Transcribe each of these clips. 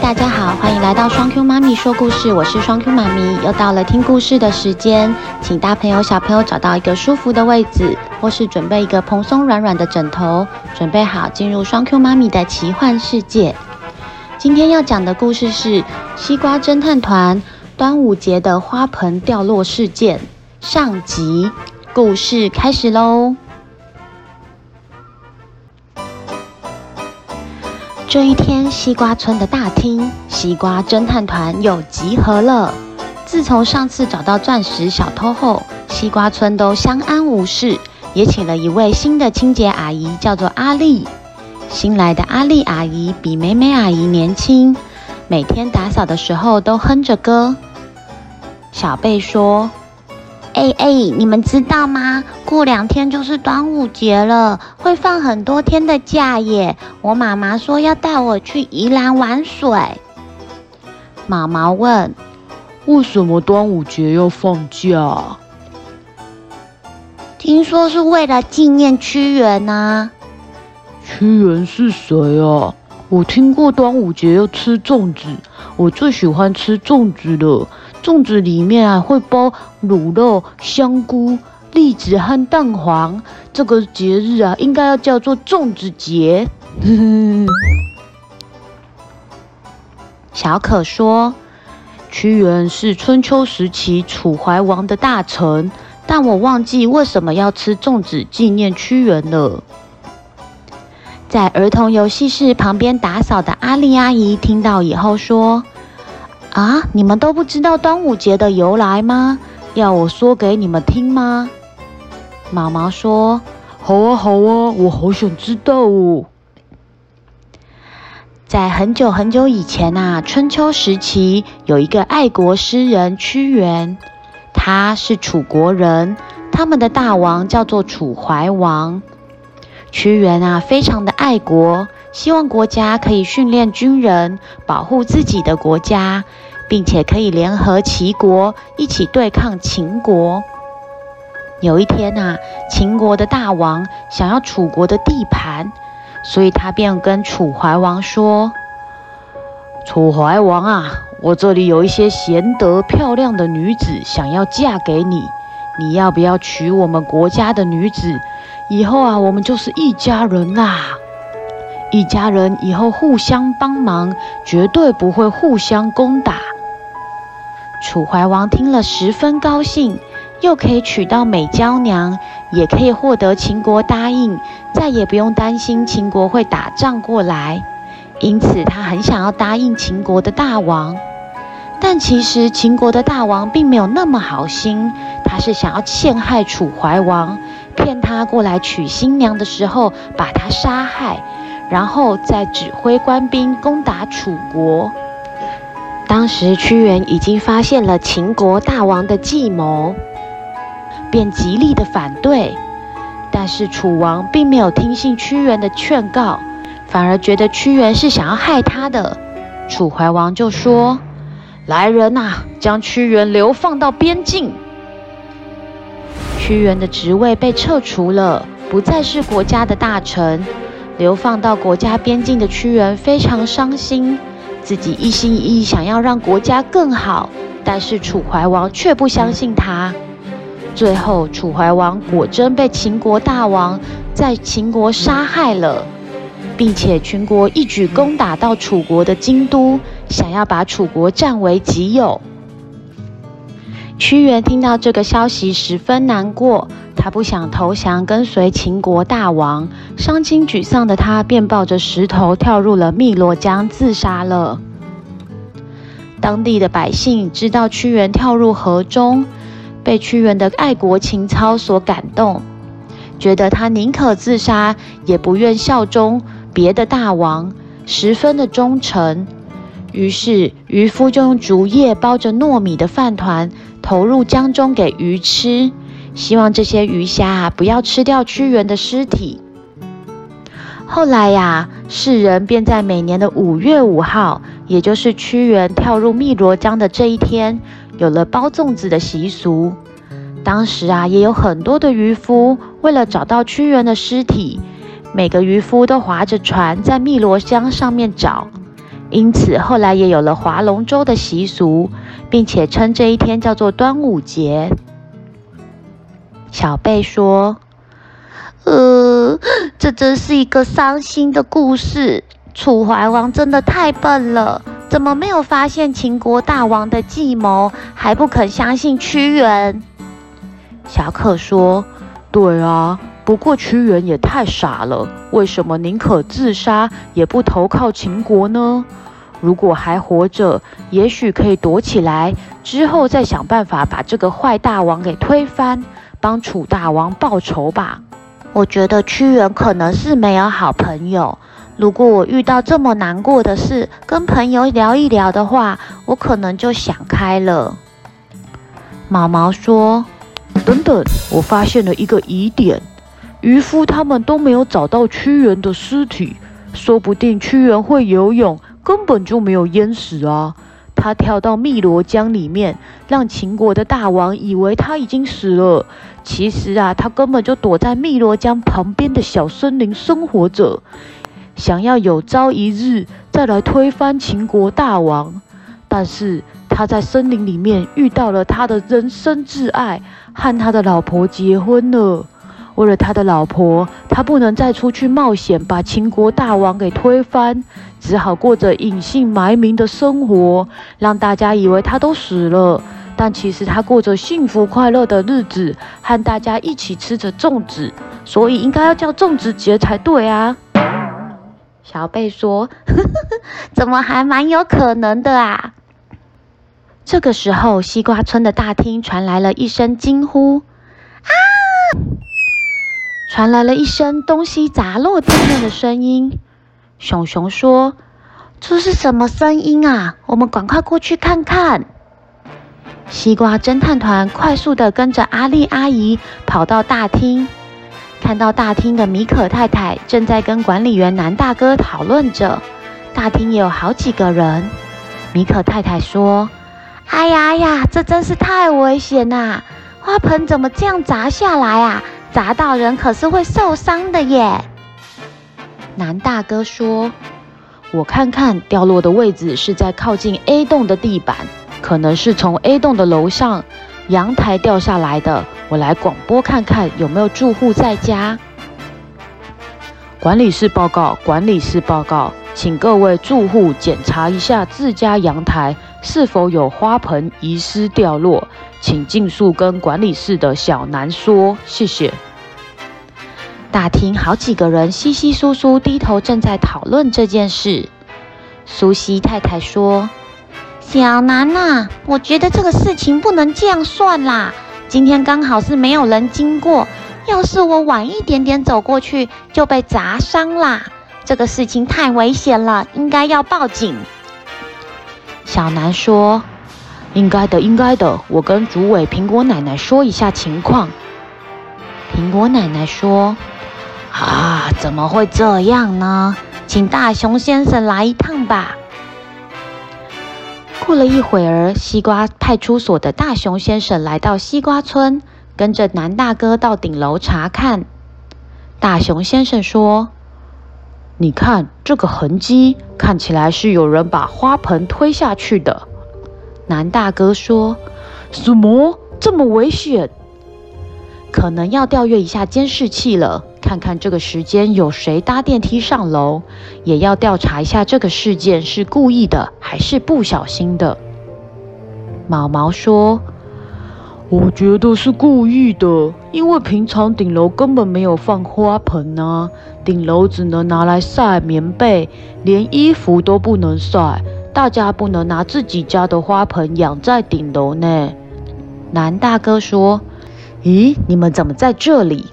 大家好，歡迎來到雙 Q 媽咪說故事，我是雙 Q 媽咪，又到了聽故事的時間，請大朋友小朋友找到一個舒服的位置，或是準備一個蓬鬆軟軟的枕頭，準備好進入雙 Q 媽咪的奇幻世界。今天要講的故事是《西瓜偵探團》端午節的花盆掉落事件上集，故事開始嘍。這一天，西瓜村的大廳，西瓜偵探團又集合了。自從上次找到鑽石小偷後，西瓜村都相安無事，也請了一位新的清潔阿姨，叫做阿麗。新來的阿麗阿姨比美美阿姨年輕，每天打掃的時候都哼着歌。小貝說。哎哎，你們知道嗎？過兩天就是端午節了，會放很多天的假耶！我媽媽說要帶我去宜蘭玩水。媽媽問：“為什麼端午節要放假？”聽說是為了紀念屈原呢。屈原是誰啊？我聽過端午節要吃粽子，我最喜歡吃粽子了。粽子裡面啊會包滷肉、香菇、栗子和蛋黃。這個節日啊，應該要叫做粽子節。呵呵小可說，屈原是春秋時期楚懷王的大臣，但我忘記為什麼要吃粽子紀念屈原了。在兒童遊戲室旁邊打掃的阿麗阿姨聽到以後說。啊！你們都不知道端午節的由來嗎？要我說給你們聽嗎？毛毛說：“好啊，好啊，我好想知道哦。”在很久很久以前啊，春秋時期有一個愛國詩人屈原，他是楚國人，他們的大王叫做楚懷王。屈原啊，非常的愛國，希望國家可以訓練軍人，保護自己的國家。並且可以聯合齊國一起對抗秦國。有一天啊，秦國的大王想要楚國的地盤，所以他便跟楚懷王說：“楚懷王啊，我這裡有一些賢德漂亮的女子，想要嫁給你，你要不要娶我們國家的女子？以後啊，我們就是一家人啦、啊！一家人以後互相幫忙，絕對不會互相攻打。”楚懷王聽了十分高興，又可以娶到美嬌娘，也可以獲得秦國答應，再也不用擔心秦國會打仗過來。因此，他很想要答應秦國的大王。但其實秦國的大王並沒有那麼好心，他是想要陷害楚懷王，騙他過來娶新娘的時候把他殺害，然後再指揮官兵攻打楚國。當時屈原已經發現了秦國大王的計謀，便極力的反對。但是楚王並沒有聽信屈原的勸告，反而覺得屈原是想要害他的。楚懷王就說：“來人啊，將屈原流放到邊境。”屈原的職位被撤除了，不再是國家的大臣。流放到國家邊境的屈原非常傷心。自己一心一意想要讓國家更好，但是楚懷王卻不相信他。最後，楚懷王果真被秦國大王在秦國殺害了，並且秦國一舉攻打到楚國的京都，想要把楚國占為己有。屈原聽到這個消息，十分難過。他不想投降，跟隨秦國大王。傷心沮喪的他，便抱着石頭跳入了汨羅江，自殺了。當地的百姓知道屈原跳入河中，被屈原的愛國情操所感動，覺得他寧可自殺，也不願效忠別的大王，十分的忠誠。於是，漁夫就用竹葉包着糯米的飯糰。投入江中給魚吃，希望這些魚蝦啊，不要吃掉屈原的屍體。後來呀、啊，世人便在每年的五月五號，也就是屈原跳入汨羅江的這一天，有了包粽子的習俗。當時啊，也有很多的漁夫為了找到屈原的屍體，每個漁夫都划着船在汨羅江上面找。因此，後來也有了划龍舟的習俗，並且稱這一天叫做端午節。小貝說：“呃，這真是一個傷心的故事。楚懷王真的太笨了，怎麼沒有發現秦國大王的計謀，還不肯相信屈原？”小克說：“對啊，不過屈原也太傻了，為什麼寧可自殺也不投靠秦國呢？”如果還活着，也許可以躲起來，之後再想辦法把這個壞大王給推翻，幫楚大王報仇吧。我覺得屈原可能是沒有好朋友。如果我遇到這麼難過的事，跟朋友聊一聊的話，我可能就想開了。毛毛說：“等等，我發現了一個疑點，漁夫他們都沒有找到屈原的屍體，說不定屈原會游泳。”根本就沒有淹死啊！他跳到汨羅江裡面，讓秦國的大王以為他已經死了。其實啊，他根本就躲在汨羅江旁邊的小森林生活着，想要有朝一日再來推翻秦國大王。但是他在森林裡面遇到了他的人生摯愛，和他的老婆結婚了。為了他的老婆，他不能再出去冒險，把秦國大王給推翻，只好過着隱姓埋名的生活，讓大家以為他都死了。但其實他過着幸福快樂的日子，和大家一起吃着粽子，所以應該要叫粽子節才對啊！小貝說呵呵：“怎麼還蠻有可能的啊？”這個時候，西瓜村的大廳傳來了一聲驚呼：“啊！”傳來了一聲東西砸落地面的聲音。熊熊說：“這是什麼聲音啊？我們趕快過去看看。”西瓜偵探團快速地跟着阿麗阿姨跑到大廳，看到大廳的米可太太正在跟管理員男大哥討論着。大廳也有好幾個人。米可太太說：“哎呀哎呀，這真是太危險啦！花盆怎麼這樣砸下來啊？”砸到人可是會受傷的耶！男大哥說：“我看看掉落的位置是在靠近 A 棟的地板，可能是從 A 棟的樓上陽台掉下來的。我來廣播看看有沒有住戶在家。”管理室報告，管理室報告，請各位住戶檢查一下自家陽台。是否有花盆遺失掉落？請盡速跟管理室的小南說，謝謝。大廳好幾個人稀稀疏疏低頭正在討論這件事。蘇西太太說：“小南吶、啊，我覺得這個事情不能這樣算啦。今天剛好是沒有人經過，要是我晚一點點走過去就被砸傷啦。這個事情太危險了，應該要報警。”小南說：“應該的，應該的，我跟主委蘋果奶奶說一下情況。”蘋果奶奶說：“啊，怎麼會這樣呢？請大熊先生來一趟吧。”過了一會兒，西瓜派出所的大熊先生來到西瓜村，跟着南大哥到頂樓查看。大熊先生說。你看這個痕跡，看起來是有人把花盆推下去的。男大哥說：“什麼？這麼危險？可能要調閱一下監視器了，看看這個時間有誰搭電梯上樓，也要調查一下這個事件是故意的還是不小心的。”毛毛說。我覺得是故意的，因為平常頂樓根本沒有放花盆啊，頂樓只能拿來曬棉被，連衣服都不能曬，大家不能拿自己家的花盆養在頂樓內。男大哥說：“咦，你們怎麼在這裡？”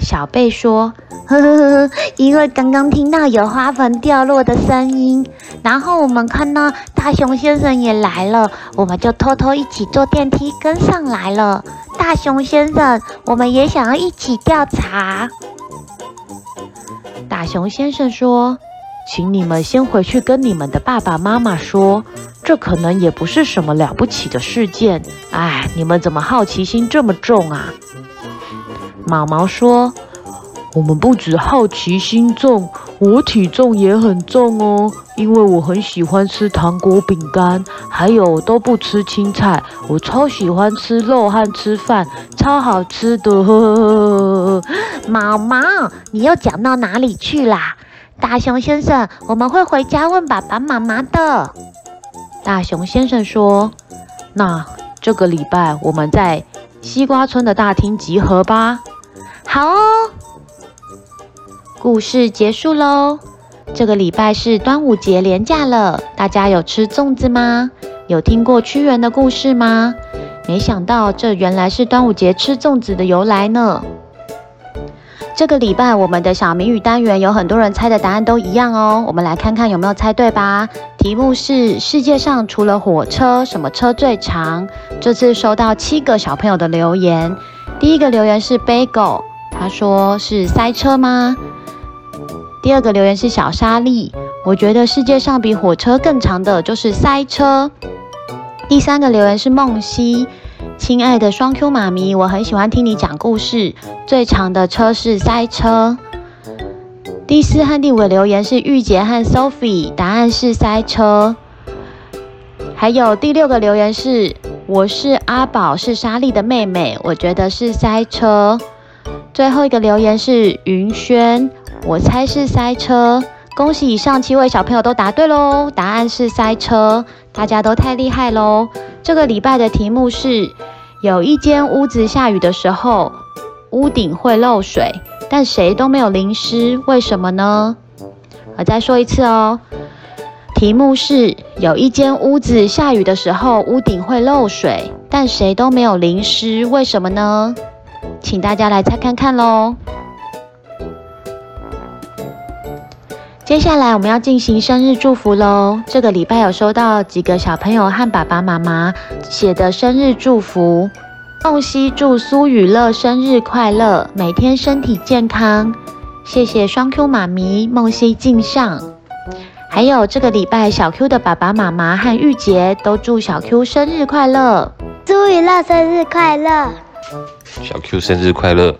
小貝說：“呵呵呵，因為剛剛聽到有花盆掉落的聲音，然後我們看到大熊先生也來了，我們就偷偷一起坐電梯跟上來了。大熊先生，我們也想要一起調查。”大熊先生說：“請你們先回去跟你們的爸爸媽媽說，這可能也不是什麼了不起的事件。唉，你們怎麼好奇心這麼重啊？”毛毛說：“我們不止好奇心重，我體重也很重哦，因為我很喜歡吃糖果餅乾，還有都不吃青菜，我超喜歡吃肉和吃飯，超好吃的呵呵呵。”毛毛，你又講到哪裡去啦？大熊先生，我們會回家問爸爸媽媽的。大熊先生說：“那這個禮拜我們在西瓜村的大廳集合吧。”好哦，故事結束嘍。這個禮拜是端午節連假了，大家有吃粽子嗎？有聽過屈原的故事嗎？沒想到這原來是端午節吃粽子的由來呢。這個禮拜我們的小謎語單元有很多人猜的答案都一樣哦，我們來看看有沒有猜對吧。題目是世界上除了火車，什麼車最長？這次收到七個小朋友的留言，第一個留言是 Bagel 他說是塞車嗎？第二個留言是小沙粒，我覺得世界上比火車更長的就是塞車。第三個留言是夢溪，親愛的雙 Q 媽咪，我很喜歡聽你講故事。最長的車是塞車。第四和第五個留言是玉潔和 Sophie，答案是塞車。還有第六個留言是，我是阿寶，是莎莉的妹妹，我覺得是塞車。最後一個留言是雲軒，我猜是塞車。恭喜以上七位小朋友都答對嘍！答案是塞車，大家都太厲害嘍！這個禮拜的題目是：有一間屋子下雨的時候，屋頂會漏水，但誰都沒有淋濕，為什麼呢？我再說一次哦，題目是：有一間屋子下雨的時候，屋頂會漏水，但誰都沒有淋濕，為什麼呢？請大家來猜看看嘍！接下來我們要進行生日祝福嘍。這個禮拜有收到幾個小朋友和爸爸媽媽寫的生日祝福。夢溪祝蘇雨樂生日快樂，每天身體健康。謝謝雙 Q 媽咪，夢溪敬上。還有這個禮拜，小 Q 的爸爸媽媽和玉潔都祝小 Q 生日快樂。蘇雨樂生日快樂。小 Q 生日快樂！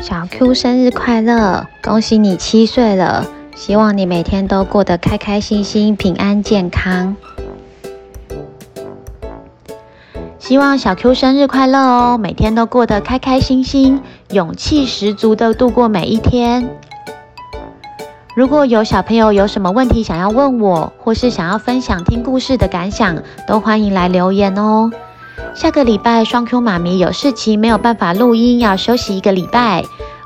小 Q 生日快樂！恭喜你七歲了，希望你每天都過得開開心心、平安健康。希望小 Q 生日快樂哦，每天都過得開開心心、勇氣十足地度過每一天。如果有小朋友有什麼問題想要問我，或是想要分享聽故事的感想，都歡迎來留言哦。下個禮拜雙 Q 媽咪有事情沒有辦法錄音，要休息一個禮拜。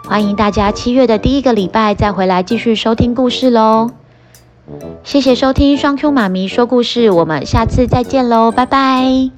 歡迎大家七月的第一個禮拜再回來繼續收聽故事嘍！謝謝收聽雙 Q 媽咪說故事，我們下次再見嘍，拜拜。